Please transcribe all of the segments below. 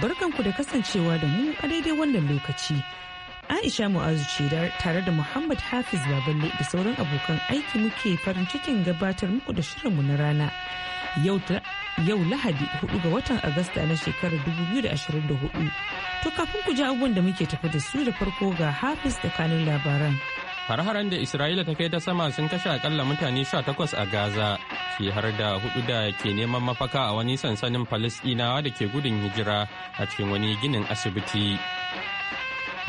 Barkanku da kasancewa da mu a daidai wannan lokaci. Aisha Mu'azu ce tare da Muhammad Hafiz Baballe da sauran abokan aiki muke farin cikin gabatar muku da shirinmu na rana. Yau Lahadi 4 ga watan Agusta na shekarar 2024. To kafin ku ji abubuwan da muke tafi da su da farko ga Hafiz da kanin labaran. Har-haren da Isra'ila ta kai ta sama sun kashe akalla mutane 18 a Gaza, ke har da hudu da ke neman mafaka a wani sansanin Falisdinawa da ke gudun hijira a cikin wani ginin asibiti.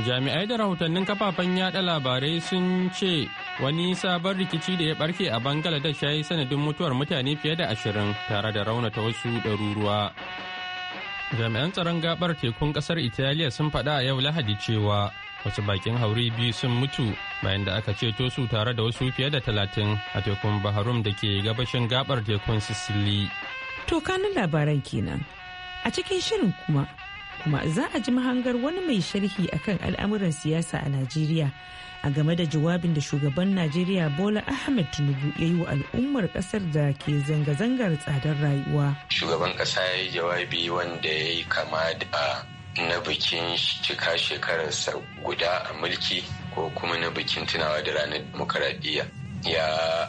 Jami'ai da rahotannin kafafen yada labarai sun ce wani sabon rikici da ya barke a bangaladesh ya yi sanadin mutuwar mutane fiye da ashirin tare da raunata wasu ɗaruruwa. Jami'an tsaron gabar tekun ƙasar Italiya sun faɗa a yau Lahadi cewa wasu bakin hauri biyu sun mutu bayan da aka ceto su tare da wasu fiye da talatin a tekun baharum da ke gabashin gabar tekun sicily to kanin labaran kenan a cikin shirin kuma kuma za a ji mahangar wani mai sharhi akan al'amuran siyasa a najeriya a game da jawabin da shugaban najeriya bola ahmed tinubu ya yi wa al'ummar kasar da ke zanga-zangar tsadar rayuwa shugaban kasa ya yi jawabi wanda ya yi kama da na bikin cika shekararsa guda a mulki ko kuma na bikin tunawa da ranar demokaradiyya ya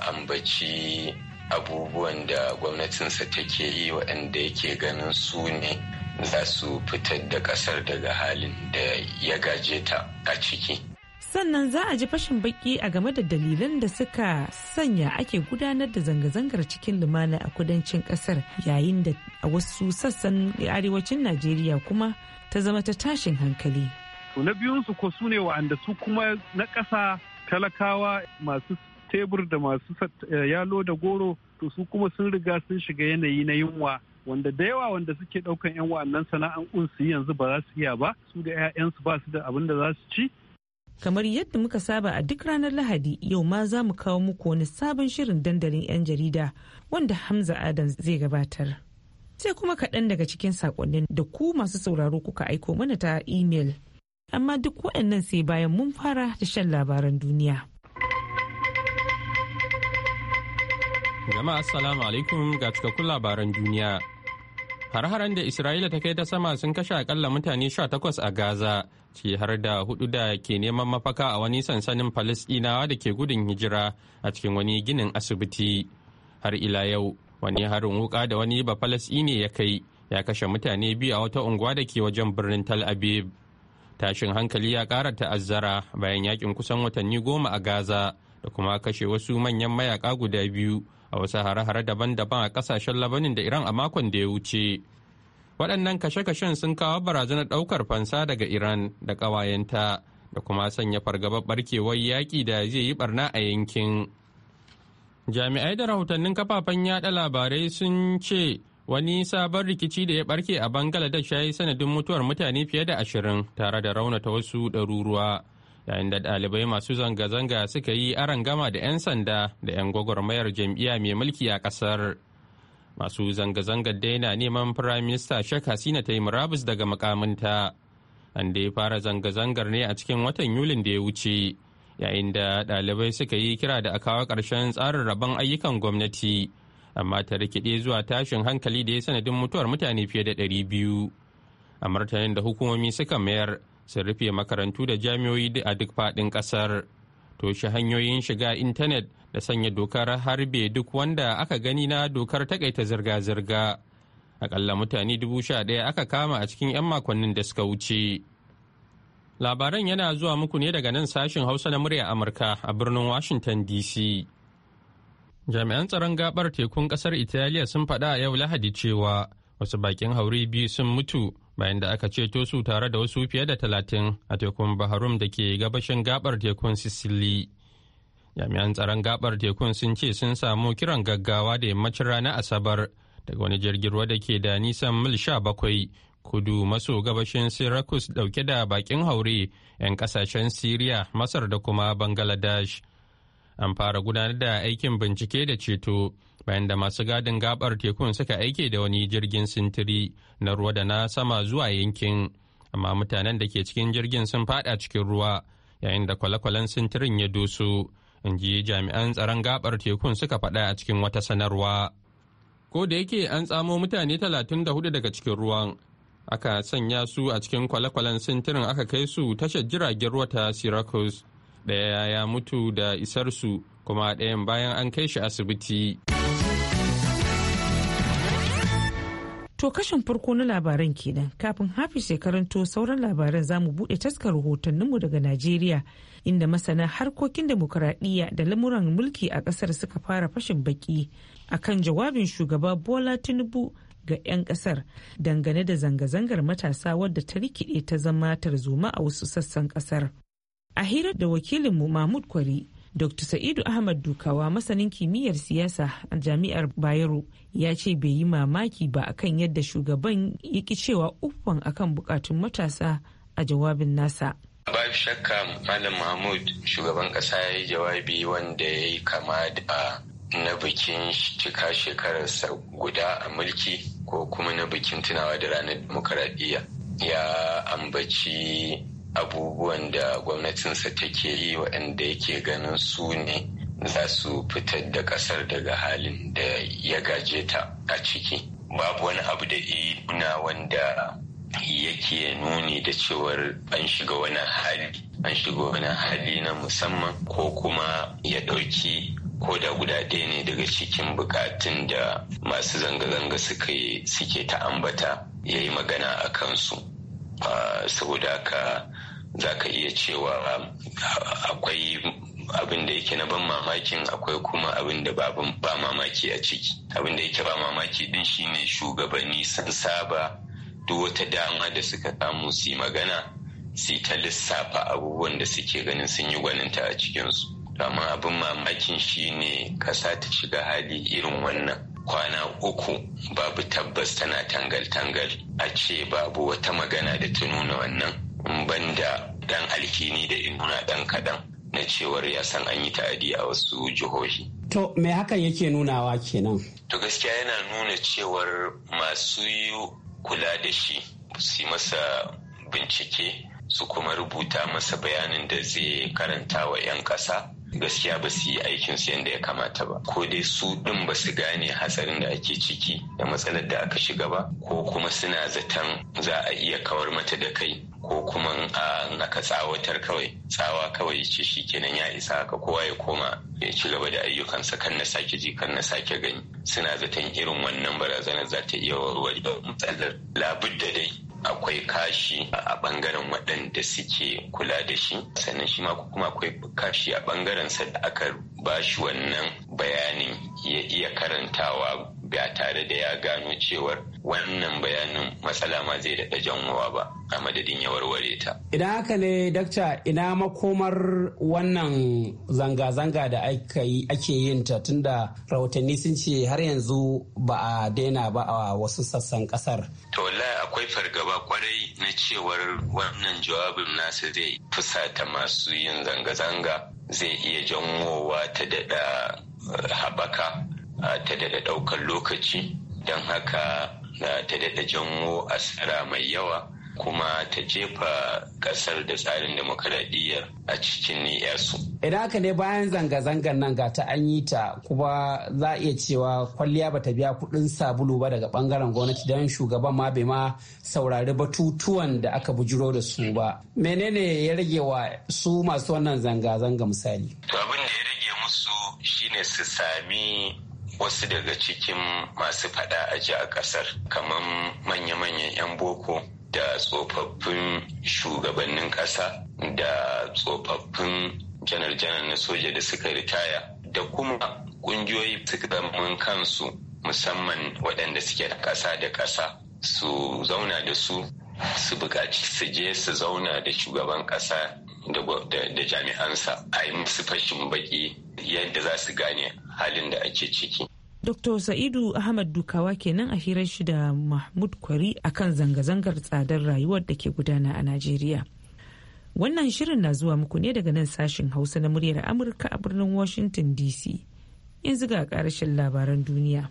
ambaci abubuwan da gwamnatinsa take yi waɗanda yake ganin su ne za su fitar da ƙasar daga halin da ya gaje ta a ciki. Sannan za a ji fashin baki a game da dalilan da suka sanya ake gudanar da zanga-zangar cikin lumana a kudancin kasar yayin da a wasu sassan arewacin Najeriya kuma ta zama ta tashin hankali. To na biyunsu ko su ne wa'anda su kuma na ƙasa talakawa masu tebur da masu eh, yalo da goro to su kuma sun riga sun shiga yanayi na yunwa wanda da yawa wanda suke ɗaukan 'yan wa'annan sana'an su yanzu ba za su iya ba su da 'ya'yansu ba su da abin da za su ci kamar yadda muka saba a duk ranar lahadi yau ma za mu kawo muku wani sabon shirin dandalin 'yan jarida wanda hamza adam zai gabatar sai kuma kaɗan daga cikin saƙonnin da ku masu sauraro kuka aiko mana ta imel. Amma duk waɗannan sai bayan mun fara da shan labaran duniya. Jama'a Assalamu alaikum ga cikakkun labaran duniya. Har-haren da Isra'ila ta kai ta sama sun kashe akalla mutane 18 a Gaza, ce har da hudu da ke neman mafaka a wani sansanin Falasɗinawa da ke gudun hijira a cikin wani ginin asibiti. Har ila yau, wani harin wuka da wani ba ne ya kai ya kashe mutane biyu a wata unguwa da ke wajen birnin tal aviv tashin hankali ya kara ta'azzara bayan yakin kusan watanni goma a gaza da kuma kashe wasu manyan mayaka guda biyu a wasu hare-hare daban-daban a kasashen labanin da iran a makon da ya wuce waɗannan kashe-kashen sun kawo barazanar ɗaukar fansa daga iran da ƙawayenta da kuma sanya fargabar barkewar yaƙi da zai yi barna a yankin. jami'ai da rahotannin kafafen yada labarai sun ce wani sabon rikici da ya barke a bangaladesh ya yi sanadin mutuwar mutane fiye da ashirin tare da raunata wasu ɗaruruwa yayin da ɗalibai masu zanga-zanga suka yi gama da 'yan sanda da 'yan gwagwarmayar jam'iyya mai mulki a ƙasar masu zanga-zangar daina neman firaminista shek hasina ta yi murabus daga makaminta an da ya fara zanga-zangar ne a cikin watan yulin da ya wuce yayin da ɗalibai suka yi kira da a kawo ƙarshen tsarin rabon ayyukan gwamnati amma ta rikide zuwa tashin hankali da ya sanadin mutuwar mutane fiye da ɗari biyu a martanin da hukumomi suka mayar sun rufe makarantu da jami'oyi a duk faɗin ƙasar toshe hanyoyin shiga intanet da sanya dokar harbe duk wanda aka gani na dokar takaita zirga-zirga akalla mutane dubu sha ɗaya aka kama a cikin 'yan makonnin da suka wuce Labaran yana zuwa muku ne daga nan sashin Hausa na murya Amurka a birnin Washington DC. Jami'an tsaron gabar tekun kasar Italiya sun faɗa a yau Lahadi cewa wasu bakin hauri biyu sun mutu bayan da aka ceto su tare da wasu fiye da talatin a tekun Baharum da ke gabashin gabar tekun Sicily. Jami'an tsaron gabar tekun sun ce sun samu kiran gaggawa da yammacin rana Asabar daga wani jirgin ruwa da ke da nisan mil sha bakwai kudu maso gabashin Syracuse dauke da bakin haure 'yan kasashen Syria, Masar da kuma Bangladesh. An fara gudanar da aikin bincike da ceto bayan da masu gadin gabar tekun suka aike da wani jirgin sintiri na ruwa da na sama zuwa yankin. Amma mutanen da ke cikin jirgin sun fada cikin ruwa yayin da kwale-kwalen sintirin ya doso, in ji jami'an tsaron gabar tekun suka faɗa a cikin wata sanarwa. Ko da yake an tsamo mutane 34 daga cikin ruwan, aka sanya su a cikin kwale-kwalen sintirin aka kai su tashar jiragen ruwa ta syracuse ɗaya ya mutu da isar su kuma ɗayan bayan an kai shi asibiti to kashin farko na labaran kenan kafin hafi shekarun to sauran labaran za mu buɗe taskar rahotanninmu daga najeriya inda masana harkokin demokuraɗiyya da lamuran mulki a ƙasar suka fara fashin baki akan jawabin shugaba bola tinubu ga 'yan kasar dangane da zanga-zangar matasa wadda ta rikide ta zama tarzoma a wasu sassan kasar. A hirar da wakilinmu Mahmud Kwari, Dr. Sa'idu Ahmad Dukawa masanin kimiyyar siyasa a Jami'ar Bayero ya ce bai yi mamaki ba akan yadda shugaban yaki cewa uffan akan bukatun matasa a jawabin nasa. Babu shakka Malam Mahmud shugaban kasa ya yi jawabi wanda ya yi kama da na bikin cika shekararsa guda a mulki ko kuma na bikin tunawa da ranar demokaradiyya ya ambaci abubuwan da gwamnatinsa take yi waɗanda yake ganin su ne za su fitar da ƙasar daga halin da ya gaje ta a ciki babu wani abu da nuna wanda yake nuni da cewar an shiga wani hali an shiga wani hali na musamman ko kuma ya ɗauki ko da guda ɗaya ne daga cikin bukatun da masu zanga-zanga suke ta ambata ya yi magana a kansu saboda ka, za ka iya cewa akwai abin da yake na ban mamakin akwai kuma abin da ba mamaki a ciki abin da yake ba mamaki din shine shugabanni sun saba duk wata dama da suka samu su yi magana su ta lissafa abubuwan da suke ganin sun yi gwaninta a cikinsu Dama abin mamakin shi ne ƙasa ta shiga hali irin wannan. kwana uku babu tabbas tana tangal-tangal a ce babu wata magana da ta nuna wannan in banda dan alkini da in nuna dan kaɗan na cewar ya san an yi ta'adi a wasu jihohi. To me hakan yake nunawa kenan? To gaskiya yana nuna cewar masu yi kula da shi su masa bincike su kuma rubuta masa bayanin da zai karanta wa 'yan ƙasa gaskiya ba su yi aikin su yadda ya kamata ba ko dai su din ba su gane hatsarin da ake ciki da matsalar da aka shiga ba ko kuma suna zaton za a iya kawar mata da kai ko kuma in aka tsawatar kawai tsawa kawai ce shi kenan ya isa haka kowa ya koma ya ci gaba da ayyukansa kan na sake ji kan na sake gani suna zaton irin wannan barazanar za ta iya warware matsalar labudda dai akwai kashi a bangaren waɗanda suke kula da shi sannan shi ma kuma akwai kashi a bangaren sa da aka ba shi wannan bayanin ya iya karantawa ba tare da ya gano cewar wannan bayanin matsala ma zai daɗa janwa ba a madadin ya warware ta. Idan haka ne dakta ina makomar wannan zanga-zanga da ake yin ta tunda rahotanni sun ce har yanzu ba a daina ba a wasu sassan kasar. To wallahi akwai fargaba kwarai na cewar wannan jawabin nasu zai fusata masu yin zanga-zanga zai iya janwowa ta daɗa haɓaka ta daɗa ɗaukar lokaci don haka ta daɗa janwo asara mai yawa kuma ta jefa ƙasar da tsarin demokaradiyyar a cikin niyyarsu. Idan haka ne bayan zanga-zangar nan ga ta an yi ta kuma za a iya cewa kwalliya ba ta biya kuɗin sabulu ba daga bangaren gwamnati don shugaban ma bai ma saurari batutuwan da aka bujiro da su ba. Menene ya rage wa su masu wannan zanga-zanga misali? To abin da ya rage musu shine su sami wasu daga cikin masu fada aji a kasar kamar manya-manyan 'yan boko da tsofaffin shugabannin kasa da tsofaffin janar-janar na soja da suka ritaya da kuma kungiyoyi suka zaman kansu musamman waɗanda suke da ƙasa da ƙasa su zauna da su su buƙaci su je su zauna da shugaban ƙasa da jami'ansa a yi musu fashin baki yadda za su gane halin da ake ciki. Dr. Sa'idu Ahmad Dukawa kenan a hirar shi da Mahmud Kwari a kan zanga-zangar tsadar rayuwar da ke gudana a Najeriya. Wannan shirin na zuwa muku ne daga nan sashen Hausa na muryar Amurka a birnin Washington DC. Yanzu ga karashin labaran duniya.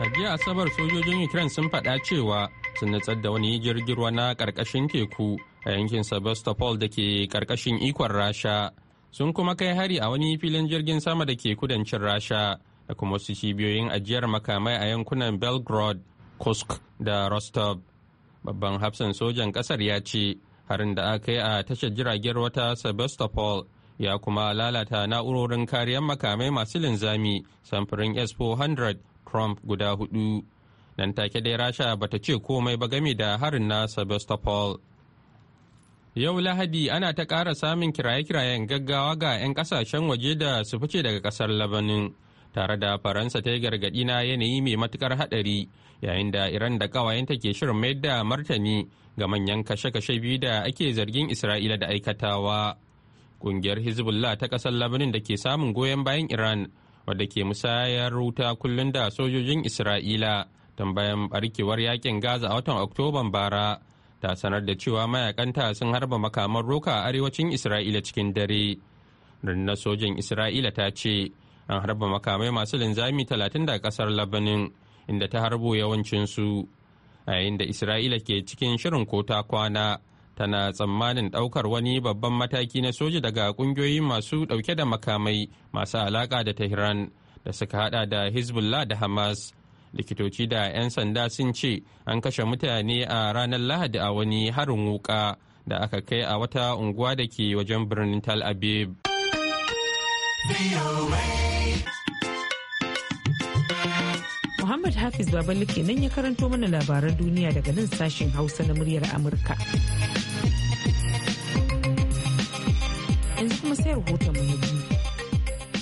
A jiya Asabar sojojin Ukraine sun faɗa cewa sun natsar da wani jirgin ruwa na ƙarƙashin teku a yankin sebastopol da ke ƙarƙashin ikon rasha sun kuma kai hari a wani filin jirgin sama da ke kudancin rasha da kuma wasu cibiyoyin ajiyar makamai a yankunan belgrade kusk da rostov babban hafsan sojan kasar ya ce harin da aka yi a tashar jiragen wata sebastopol ya kuma lalata na'urorin kariyar makamai masu linzami samfurin s-400 trump guda hudu nan take dai rasha ba ta ce komai ba game da harin na sebastopol yau lahadi ana ta kara samun kiraye-kirayen gaggawa ga 'yan kasashen waje da su fice daga ƙasar labanin tare da faransa ta yi gargaɗi na yanayi mai matukar haɗari yayin da iran da ƙawayenta ke shirin mayar da martani ga manyan kashe-kashe biyu da ake zargin isra'ila da aikatawa ƙungiyar hezbollah ta ƙasar labanin da ke samun goyon bayan iran wadda ke musayar ruta kullum da sojojin isra'ila tun bayan barkewar yakin gaza a watan oktoban bara ta sanar da cewa mayakanta sun harba makaman roka a arewacin isra'ila cikin dare rundunar sojin isra'ila ta ce an harba makamai masu linzami talatin da kasar labanin inda ta harbo yawancinsu a yayin da isra'ila ke cikin shirin kota kwana tana tsammanin daukar wani babban mataki na soja daga ƙungiyoyi masu dauke da makamai masu alaka da tehran da suka hada da hezbollah da hamas likitoci da 'yan sanda sun ce an kashe mutane a ranar lahadi a wani harin wuka da aka kai a wata unguwa da ke wajen birnin tal abib muhammad hafiz babalu kenan ya karanto mana labaran duniya daga nan sashin hausa na muryar amurka yanzu kuma sai rahoton mu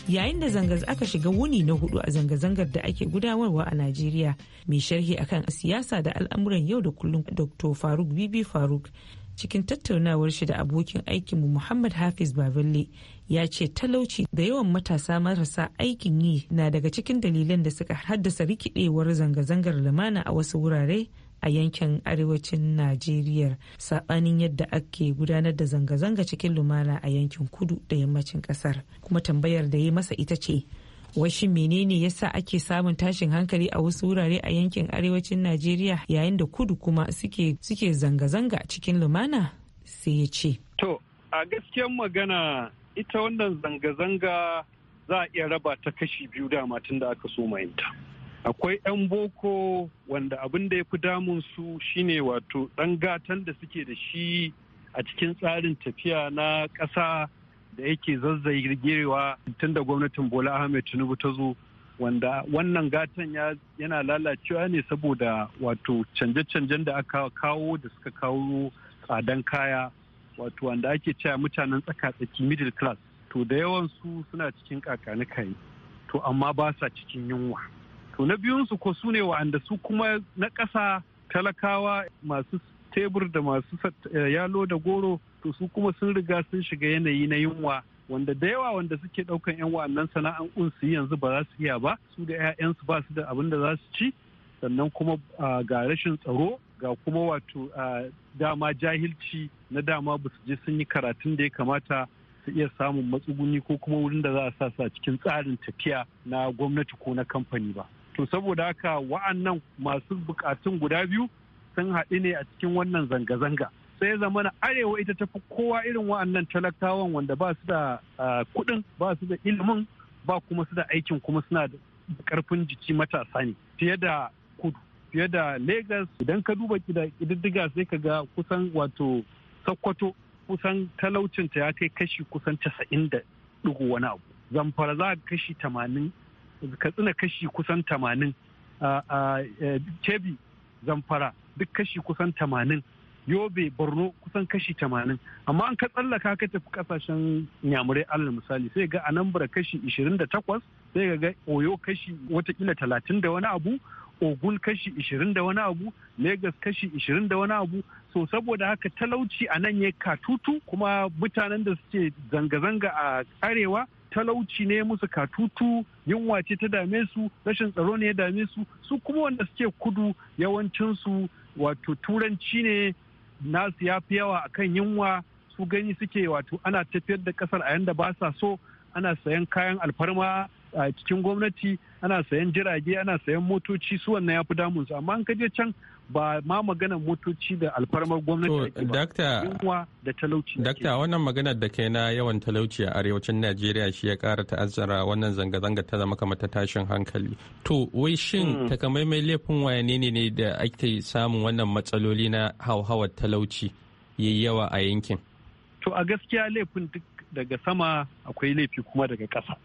yayin da zanga aka shiga wuni na hudu a zanga-zangar da ake gudanarwa a najeriya mai sharhi akan siyasa da al'amuran yau da kullum dr faruk bibi faruk cikin tattaunawar shi da abokin aikinmu muhammad hafiz baballe ya ce talauci da yawan matasa marasa aikin yi na daga cikin dalilan da suka haddasa rikidewar zanga-zangar lamana a wasu wurare a yankin arewacin najeriya sabanin yadda ake gudanar da zanga-zanga cikin lumana a yankin kudu da yammacin kasar kuma tambayar da ya masa ita ce washi menene yasa ake samun tashin hankali a wasu wurare a yankin arewacin najeriya yayin da kudu kuma suke zanga-zanga cikin lumana sai ya ce to a gaskiyar magana ita wannan zanga-zanga za a iya raba ta kashi biyu dama tun da aka so mayinta akwai 'yan boko wanda abin da ya fi damun su shine wato ɗan gatan da suke da shi a cikin tsarin tafiya na ƙasa da yake zazzagewa tun da gwamnatin bola ahmed tinubu ta zo wanda wannan gatan yana lalacewa ne saboda wato canje-canjen da aka kawo da suka kawo tsadan kaya wato wanda ake cewa mutanen tsaka-tsaki middle class to da yawan su suna cikin kakanikai to amma ba sa cikin yunwa to na biyunsu ko su ne wa'anda su kuma na ƙasa talakawa masu tebur da masu eh, yalo da goro to su kuma sun riga sun shiga yanayi na yunwa wanda da yawa wanda suke ɗaukan 'yan wa'annan sana'an su yanzu ba za su iya ba su da 'ya'yansu ba su da abin da za su ci sannan kuma ga rashin tsaro ga kuma wato dama jahilci na dama ba su je sun yi karatun da ya kamata su iya samun matsuguni ko kuma wurin da za a sa su a cikin tsarin tafiya na gwamnati ko na kamfani ba. to saboda haka wa'annan masu bukatun guda biyu sun haɗu ne a cikin wannan zanga-zanga sai zama na arewa ita ta fi kowa irin wa'annan talakawan wanda ba su da kuɗin ba su da ilimin ba kuma su da aikin kuma suna da karfin jiki matasa ne fiye da kudu fiye da lagos idan ka duba ƙididdiga sai ka ga kusan wato sokoto kusan talaucinta ya kai kashi kusan casa'in da ɗigo wani abu zamfara za ka kashi tamanin katsina kashi kusan tamanin e, kebi zamfara duk kashi kusan tamanin yobe borno kusan kashi tamanin amma an ka tsallaka ka tafi kasashen nyamurai alal misali sai ga anambra kashi 28 sai ga oyo kashi watakila 30 da wani abu ogun kashi 20 da wani abu legas kashi 20 da wani abu so saboda haka talauci a nan ya katutu kuma mutanen da suke zanga-zanga a arewa talauci ne musu katutu yunwa ce ta dame su rashin tsaro ne ya dame su su kuma wanda suke kudu yawancinsu wato turanci ne nasu ya fi yawa akan yunwa su gani suke wato ana tafiyar da kasar a yanda ba sa so ana sayan kayan alfarma a cikin gwamnati ana sayan jirage ana sayan motoci su wannan ya fi damunsu amma an kaje can ba ma maganar motoci da alfarmar gwamnati yunwa da talauci wannan maganar da ke na yawan talauci a arewacin najeriya shi ya kara ta'azzara wannan zanga-zanga ta zama kamar ta tashin hankali to wai shin mm. takamaimai laifin wayane ne ne da ake samun wannan matsaloli na hauhawar talauci ya yi yawa a yankin to a gaskiya laifin duk daga sama akwai laifi kuma daga ƙasa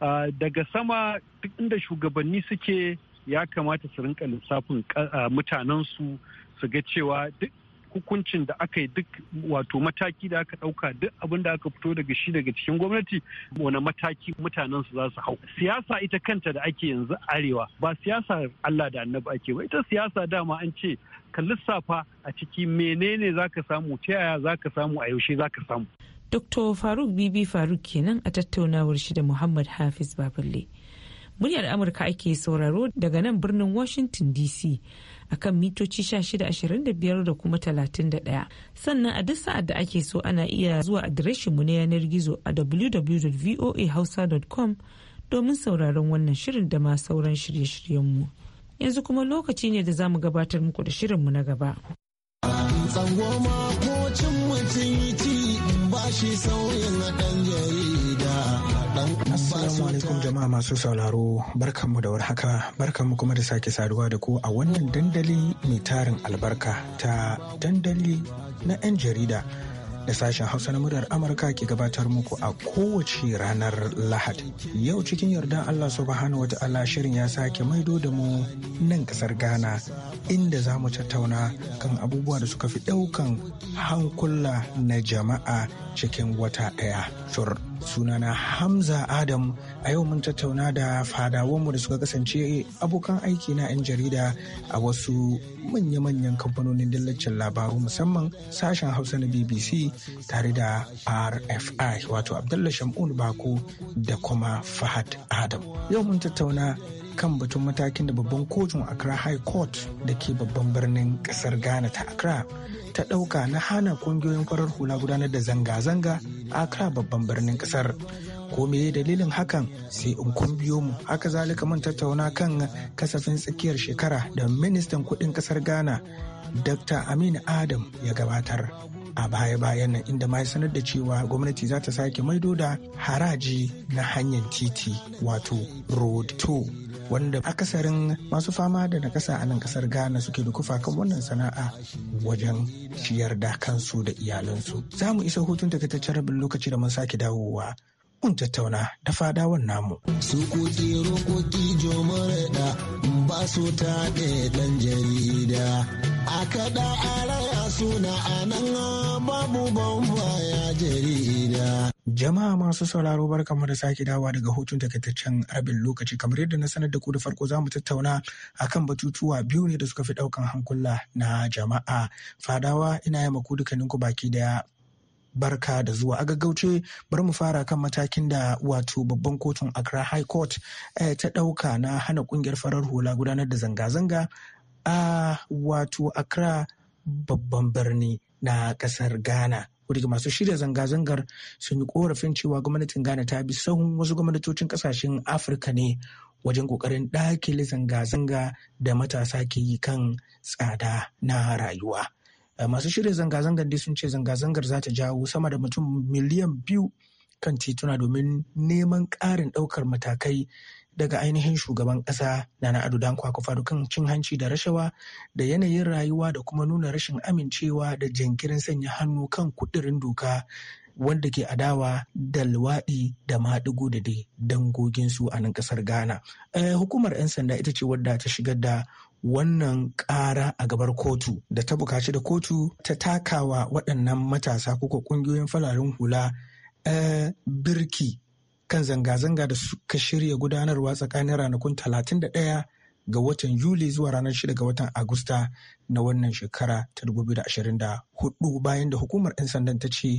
ah, daga sama duk inda shugabanni suke ya kamata su rinka lissafin mutanensu su ga cewa duk hukuncin da aka yi duk wato mataki da aka ɗauka duk abin da aka fito daga shi daga cikin gwamnati wani mataki mutanen su za su hau siyasa ita kanta da ake yanzu arewa ba siyasa Allah da annabi ake ba ita siyasa dama an ce ka lissafa a ciki menene zaka samu ta yaya za samu a yaushe zaka samu Dr. Faruk Bibi Faruk kenan a tattaunawar shi da Muhammad Hafiz Baballe. Muryar Amurka ake sauraro daga nan birnin Washington DC akan mitoci 1625 da kuma 31. Sannan a duk sa'ad da ake so ana iya zuwa adireshinmu na yanar gizo a www.voahausa.com domin sauraron wannan shirin da ma sauran shirye-shiryenmu. Yanzu kuma lokaci ne da za mu gabatar muku da shirinmu na gaba. Tsangwama ko cin mutum yi ci ba shi sauyin na ɗan jari. Assalamu alaikum jama'a masu sauraro barkanmu da warhaka barkanmu kuma da sake saduwa da ku a wannan dandali mai tarin albarka ta dandali na 'yan jarida da sashen hausa na muryar amurka ke gabatar muku a kowace ranar Lahadi, yau cikin yarda allah subhanahu wata'ala shirin ya sake maido da mu nan kasar ghana inda za mu tattauna kan abubuwa da suka fi daukan hankula na jama'a cikin wata daya shur sunana Hamza Adam a yau mun tattauna da fadawanmu da suka kasance abokan aiki na 'yan jarida a wasu manya-manyan kamfanonin dillacin labaru musamman sashen Hausa na BBC tare da RFI wato Abdullah Shamun Bako da kuma Fahad Adam. Yau mun tattauna kan batun matakin da babban kotun Accra High Court da ke babban birnin ƙasar Ghana ta Accra ta ɗauka na hana kungiyoyin farar hula gudanar da zanga-zanga a Accra babban birnin ƙasar. Ko me dalilin hakan sai in kun biyo mu haka zalika mun tattauna kan kasafin tsakiyar shekara da ministan kuɗin ƙasar Ghana Dr. Aminu Adam ya gabatar. a baya-bayan nan inda ma ya sanar da cewa gwamnati za ta sake maido da haraji na hanyar titi wato road to wanda akasarin masu fama da nakasa a nan kasar ghana suke da kufa kan wannan sana'a wajen ciyar da kansu da iyalansu za mu isa hutun ta rabin lokaci da mun sake dawowa mun tattauna da fadawan namu. ba su taɗe ɗan jarida a kaɗa a raya suna a nan babu bamba jarida Jama'a masu sauraro barkamu da sake dawa daga hutun takaitaccen rabin lokaci kamar yadda na sanar da ku da farko za mu tattauna akan batutuwa biyu ne da suka fi daukan hankula na jama'a fadawa ina yi maku dukkaninku ku baki daya barka da zuwa a gaggauce bari mu fara kan matakin da wato babban kotun accra high court eh, ta ɗauka na hana ƙungiyar farar hula gudanar da zanga-zanga a wato accra babban birni na ƙasar ghana kudi masu shirya zanga-zangar sun yi korafin cewa gwamnatin ghana ta bi sahun wasu gwamnatocin ƙasashen afirka ne wajen ƙoƙarin dakile zanga-zanga da matasa ke yi kan tsada na rayuwa Eh, masu shirya zanga-zangar dai sun ce zanga-zangar za ta jawo sama da mutum miliyan biyu kan tituna domin neman ƙarin ɗaukar matakai daga ainihin shugaban ƙasa na na dan kwakufa dukan cin hanci da rashawa da yanayin rayuwa da kuma nuna rashin amincewa da jinkirin sanya hannu kan kuɗirin doka wanda ke adawa da luwaɗi da maɗigo da dai dangoginsu a nan ƙasar ghana eh, hukumar 'yan sanda ita ce wadda ta shigar da wannan ƙara a gabar kotu da ta bukaci da kotu ta takawa waɗannan matasa kuka ƙungiyoyin fararen hula eh, birki kan zanga-zanga da suka shirya gudanarwa tsakanin ranakun 31 ga watan Yuli zuwa ranar 6 ga watan Agusta na wannan shekara ta 2024 bayan da hukumar 'yan sandan ta ce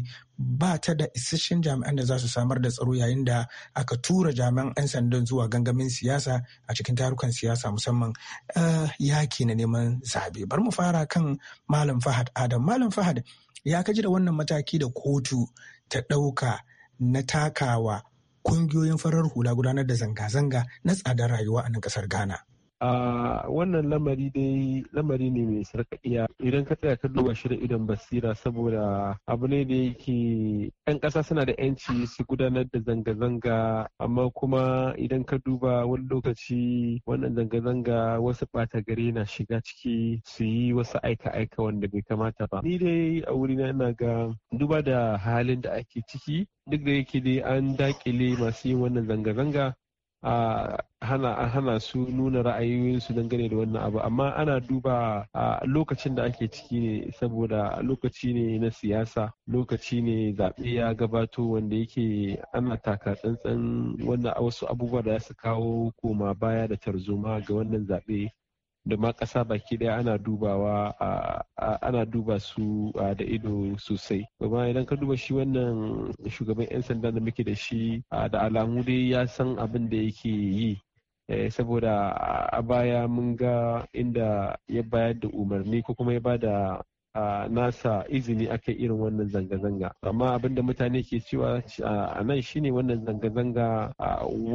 ba ta da isasshen jami'an da za su samar da tsaro yayin da aka tura jami'an 'yan sandan zuwa gangamin siyasa a cikin tarukan siyasa musamman eh, yaki na neman zabe. Bar mu fara kan Malam Fahad Adam. Malam Fahad ya kaji da wannan mataki da kotu ta ɗauka na takawa kungiyoyin farar hula gudanar da zanga-zanga na tsadar rayuwa a nan kasar Ghana. a wannan lamari dai lamari ne mai sarkaɗiya idan ka tsaya ka duba shi da idon basira saboda abu ne da yake 'yan ƙasa suna da 'yanci su gudanar da zanga-zanga amma kuma idan ka duba wani lokaci wannan zanga-zanga wasu ɓata gari na shiga ciki su yi wasu aika-aika wanda bai kamata ba ni dai a wurina ina ga duba da halin da ake ciki duk da yake dai an dakile masu yin wannan zanga-zanga a hana su nuna ra'ayoyinsu dangane da wannan abu amma ana duba a lokacin da ake ciki ne saboda lokaci ne na siyasa lokaci ne zaɓe ya gabato wanda yake ana taka tsantsan wannan wasu abubuwa da su kawo koma baya da tarzoma ga wannan zaɓe da ma ƙasa baki ɗaya ana dubawa ana duba su da ido sosai amma idan ka duba shi wannan shugaban 'yan sanda da muke da shi da alamu dai ya san abin da yake yi eh, saboda a baya mun ga inda ya bayar da umarni ko kuma ya ba da a nasa izini aka irin wannan zanga-zanga amma abinda mutane ke cewa a nan shine wannan zanga-zanga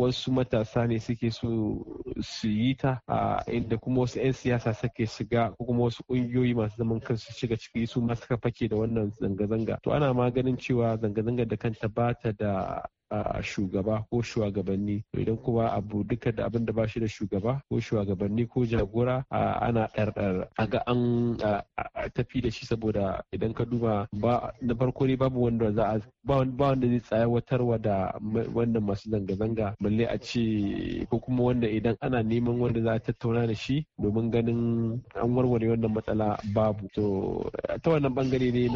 wasu matasa ne suke so su yi ta inda kuma wasu 'yan siyasa suke shiga ko kuma wasu ƙungiyoyi masu zaman kansu shiga ciki su ma suka fake da wannan zanga-zanga to ana ma ganin cewa zanga-zanga da kanta ba ta da A shugaba ko shugabanni idan kuma abu duka da abin da ba shi da shugaba ko shugabanni ko jagora ana ɗarɗar a ga an tafi da shi saboda idan ka duba na farko ne babu wanda za a ba wanda zai watarwa da wannan masu zanga-zanga balle a ce ko kuma wanda idan ana neman wanda za a tattauna da shi domin ganin an warware wannan matsala babu to ta wannan bangare ne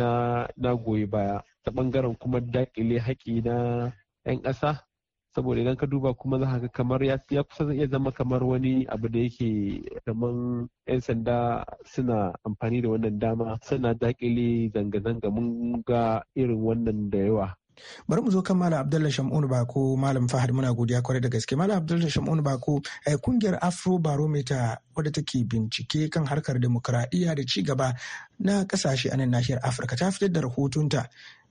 na goyi baya ta bangaren kuma dakile haƙi na 'yan ƙasa saboda idan ka duba kuma za ga kamar ya kusa iya zama kamar wani abu da yake kamar 'yan sanda suna amfani da wannan dama suna dakile zanga-zanga mun ga irin wannan da yawa bari mu zo kan malam abdullahi shamunu bako malam fahad muna godiya kwarai da gaske malam abdullahi shamunu bako eh, kungiyar afro barometer wadda take bincike kan harkar demokradiyya da ci gaba na kasashe a nan nahiyar afirka ta fitar da rahotonta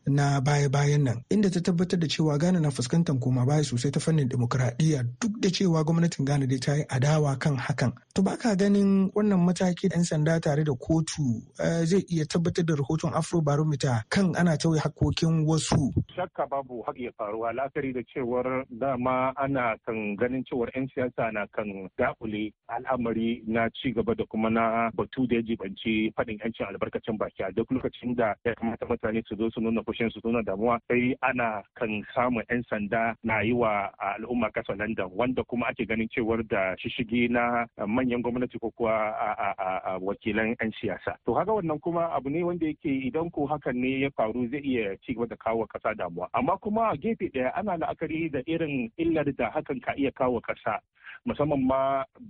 na baya-bayan nan inda ta tabbatar da cewa ghana na fuskantar koma baya sosai ta fannin demokuraɗiyya duk da cewa gwamnatin ghana dai ta yi adawa kan hakan to ba ka ganin wannan mataki da 'yan sanda tare da kotu eh, zai iya tabbatar da rahoton afrobarometer kan ana tauye hakokin wasu shakka babu haƙi ya faruwa la'akari da cewar dama ana kan ganin cewar 'yan siyasa na kan dakule al'amari na ci gaba da kuma na batu da ya jibanci faɗin 'yancin albarkacin baki a duk lokacin da ya kamata mutane su zo su nuna fushi kasashen su suna damuwa sai ana kan samun 'yan sanda na yi wa al'umma kasa London wanda kuma ake ganin cewar da shishigi na manyan gwamnati ko kuwa wakilan 'yan siyasa. To haka wannan kuma abu ne wanda yake idan ko hakan ne ya faru zai iya ci gaba da kawo kasa damuwa. Amma kuma gefe ɗaya ana la'akari da irin illar da hakan ka iya kawo kasa. musamman ma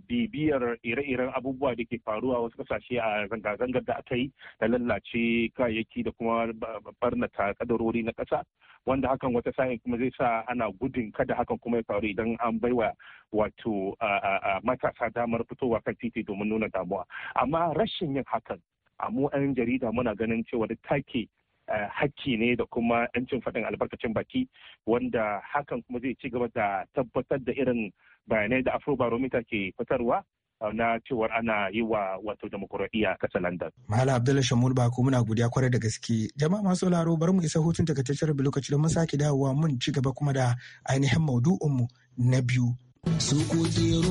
bibiyar ire-iren abubuwa da ke faruwa wasu kasashe a zanga-zangar da aka yi da lallace kayayyaki da kuma barnata kadarori na ƙasa wanda hakan wata sa'in kuma zai sa ana gudun kada hakan kuma ya faru idan an baiwa wato matasa damar fitowa kan titi domin nuna damuwa amma rashin yin hakan a mu 'yan jarida muna ganin cewa da take hakki ne da kuma 'yancin faɗin albarkacin baki wanda hakan kuma zai ci gaba da tabbatar da irin bayanai da afrobarometer ke fitarwa na cewar ana yi wa wato demokuraɗiyya a ƙasar London. Mahala Abdullahi Shamul ku muna godiya kwarai da gaske. Jama'a masu laro bari mu isa hutun bi lokaci don mun sake dawowa mun ci gaba kuma da ainihin maudu'inmu na biyu. Su koki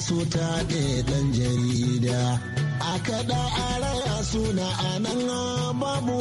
su ɗe ɗan jarida a kaɗa a raya suna a nan babu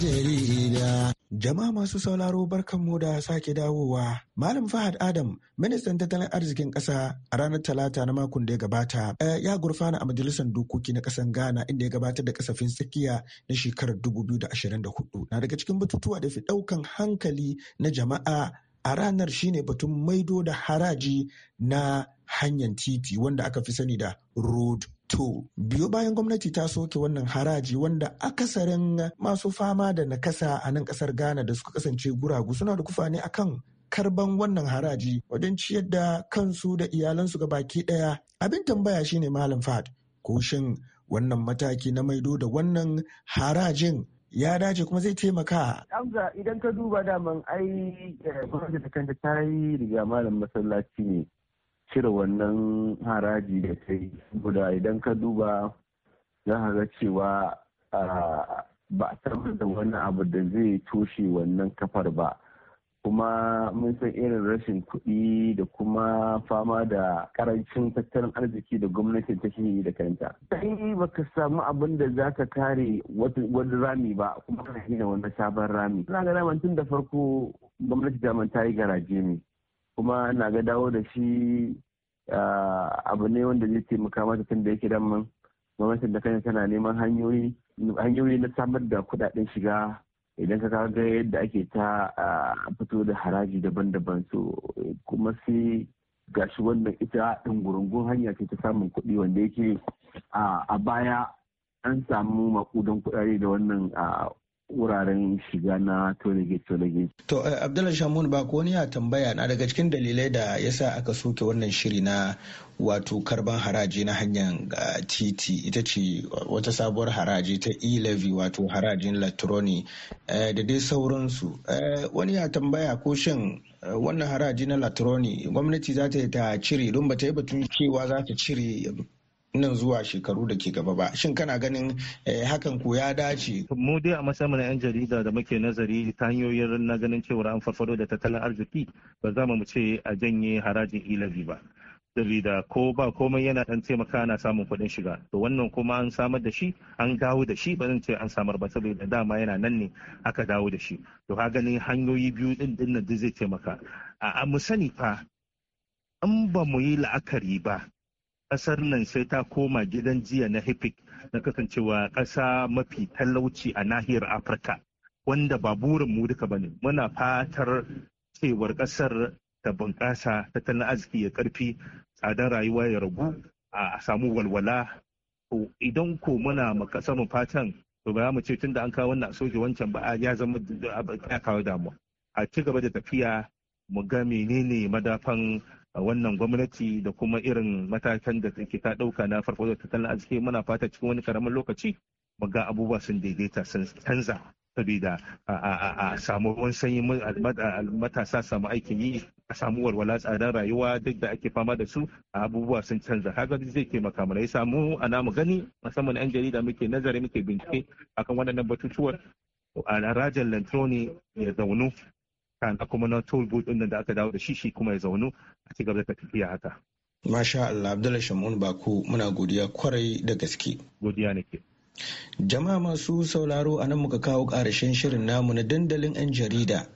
jarida Jama'a masu sauraro barkanmu da sake dawowa. Malam Fahad Adam, ministan tattalin arzikin ƙasa a ranar Talata na makon da ya gabata, eh, ya gurfana a majalisar dokoki na ƙasar Ghana inda ya gabatar da kasafin tsakiya na shekarar 2024. Na daga cikin batutuwa da fi ɗaukan hankali na jama'a a ranar shine batun maido da haraji na hanyar titi wanda aka fi sani da road to Biyo bayan gwamnati ta soke wannan haraji wanda akasarin masu fama da nakasa a nan kasar Ghana da suka kasance guragu suna da kufa ne akan karban wannan haraji wajen ciyar da kansu da iyalansu ga baki daya. Abin tambaya shine Malam Fahad ko shin wannan mataki na maido da wannan harajin ya dace kuma zai taimaka. Amza idan ka duba daman ai eh, gwamnati ta kanta ta yi riga malam masallaci ne cire wannan haraji da ta yi guda idan ka duba za ka ga cewa ah, ba a samar da wani abu da zai toshe wannan kafar ba kuma mun san irin rashin kuɗi da kuma fama da karancin tattalin arziki da gwamnatin ta shi da kanta. Sai baka samu abin da za ka kare wani rami ba kuma ka gina wani sabon rami. Na ga daman tun da farko gwamnati daman ta yi garaje ne kuma na ga dawo da shi abu ne wanda zai taimaka mata tun da yake daman gwamnatin da kanta tana neman hanyoyi na samar da kuɗaɗen shiga idan ka ga yadda ake ta fito da haraji daban-daban so kuma sai gashi wannan ita gurungun hanya ce ta samun kuɗi wanda yake a baya an samu makudan kuɗaɗe da wannan wuraren shiga na tolegate tolege To eh, Abdullahi Shamun ba ko ya tambaya na daga cikin dalilai da ya sa aka soke wannan shiri na wato karban haraji na hanyar ah, titi ita ce wata sabuwar haraji ta e-levy wato harajin latroni eh, da dai sauransu. Eh, wani ya tambaya ko shin wannan haraji na latroni gwamnati za ta cire don ba ta yi batun cewa za ta cire nan zuwa shekaru da ke gaba ba shin kana ganin eh, hakan ko ya dace mu dai a matsayin na yan jarida da muke nazari ta hanyoyin na ganin cewa an farfado da tattalin arziki ba za mu ce a janye harajin ilabi ba sabida ko ba komai yana dan taimaka na samun kuɗin shiga to wannan kuma an samar da shi an dawo da shi ba zan ce an samar ba saboda dama yana nan ne aka dawo da shi to ka gani hanyoyi biyu din din nan zai taimaka a mu sani fa in ba mu yi la'akari ba kasar nan sai ta koma gidan jiya na hipik na kasancewa ƙasa mafi talauci a nahiyar afirka wanda ba burin mu duka bane muna fatar cewar kasar ta bunƙasa tattalin arziki ya karfi tsadar rayuwa ya ragu a samu walwala idan ko muna samun fatan to ba mu ce tunda an kawo wannan soke wancan ba ya zama ya kawo damuwa a ci gaba da tafiya mu ga menene madafan A wannan gwamnati da kuma irin matakan da take ta ɗauka na farko da tattalin arziki muna fata cikin wani karamin lokaci ga abubuwa sun daidaita sun canza saboda a samu ruwan sanyi matasa samu aikin yi a samu walwala tsadar rayuwa duk da ake fama da su A abubuwa sun canza haka zai ke makamara ya samu A namu gani musamman yan jarida muke nazari muke bincike akan waɗannan batutuwar a rajin lantroni ya zaunu kana kuma na toll booth din da aka dawo da shi shi kuma ya zaunu a ci gaba da tafiya haka. Masha Allah Abdullahi Shamun Bako muna godiya kwarai da gaske. Godiya nake. Jama'a masu sauraro a nan muka kawo ƙarashen shirin namu na dandalin 'yan jarida.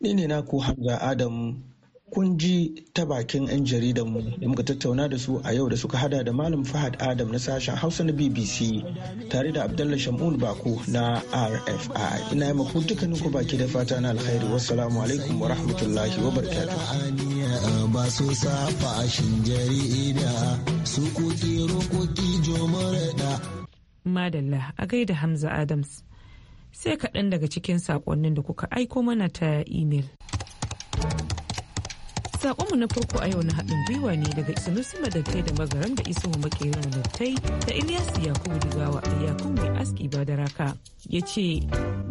Ni ne ku Hamza Adam kun ji ta bakin 'yan jaridan mu da muka tattauna da su a yau da suka hada da malam fahad adam na sashen hausa na bbc tare da abdullahi shamun bako na rfi ina yi ku dukkanin ku baki da fata na alkhairi wassalamu alaikum wa rahmatullahi wa barakatuh ba su jarida su kuki jomar madalla a gaida hamza adams sai kaɗan daga cikin saƙonnin da kuka aiko mana ta imel. Sakonmu na farko a yau na haɗin gwiwa ne daga Sanusi Madattai da mazaran da isa wa Makerin Madattai da ilyas Yakubu Digawa a yakun Mai Aski raka Ya ce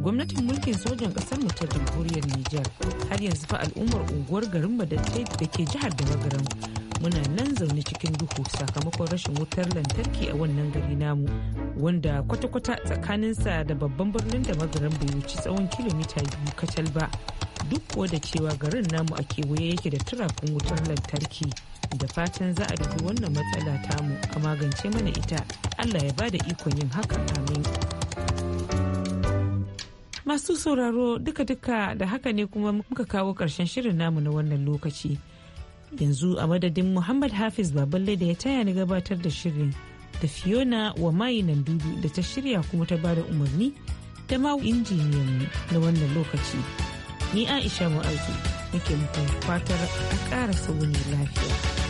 gwamnatin mulkin sojan ƙasar mu ta jamhuriyar Nijar har yanzu fa al'ummar unguwar garin Madattai da ke jihar da Magaram muna nan zaune cikin duhu sakamakon rashin wutar lantarki a wannan gari namu wanda kwata-kwata tsakaninsa da babban birnin da magaran bai wuci tsawon kilomita biyu kacal ba duk kuwa da cewa garin namu a kewaye yake da turafin wutar lantarki da fatan za a dubi wannan matsala tamu a magance mana ita allah ya bada ikon yin haka amin masu sauraro duka-duka da haka ne kuma muka kawo karshen shirin namu na wannan lokaci. yanzu a madadin muhammad hafiz baballe da ya taya ni gabatar da shirin da fiona wa mai nan dudu da ta shirya kuma ta bada umarni ta ma injiniyan na wannan lokaci ni aisha mu'azu nake muku fatar a ƙara sauni lafiya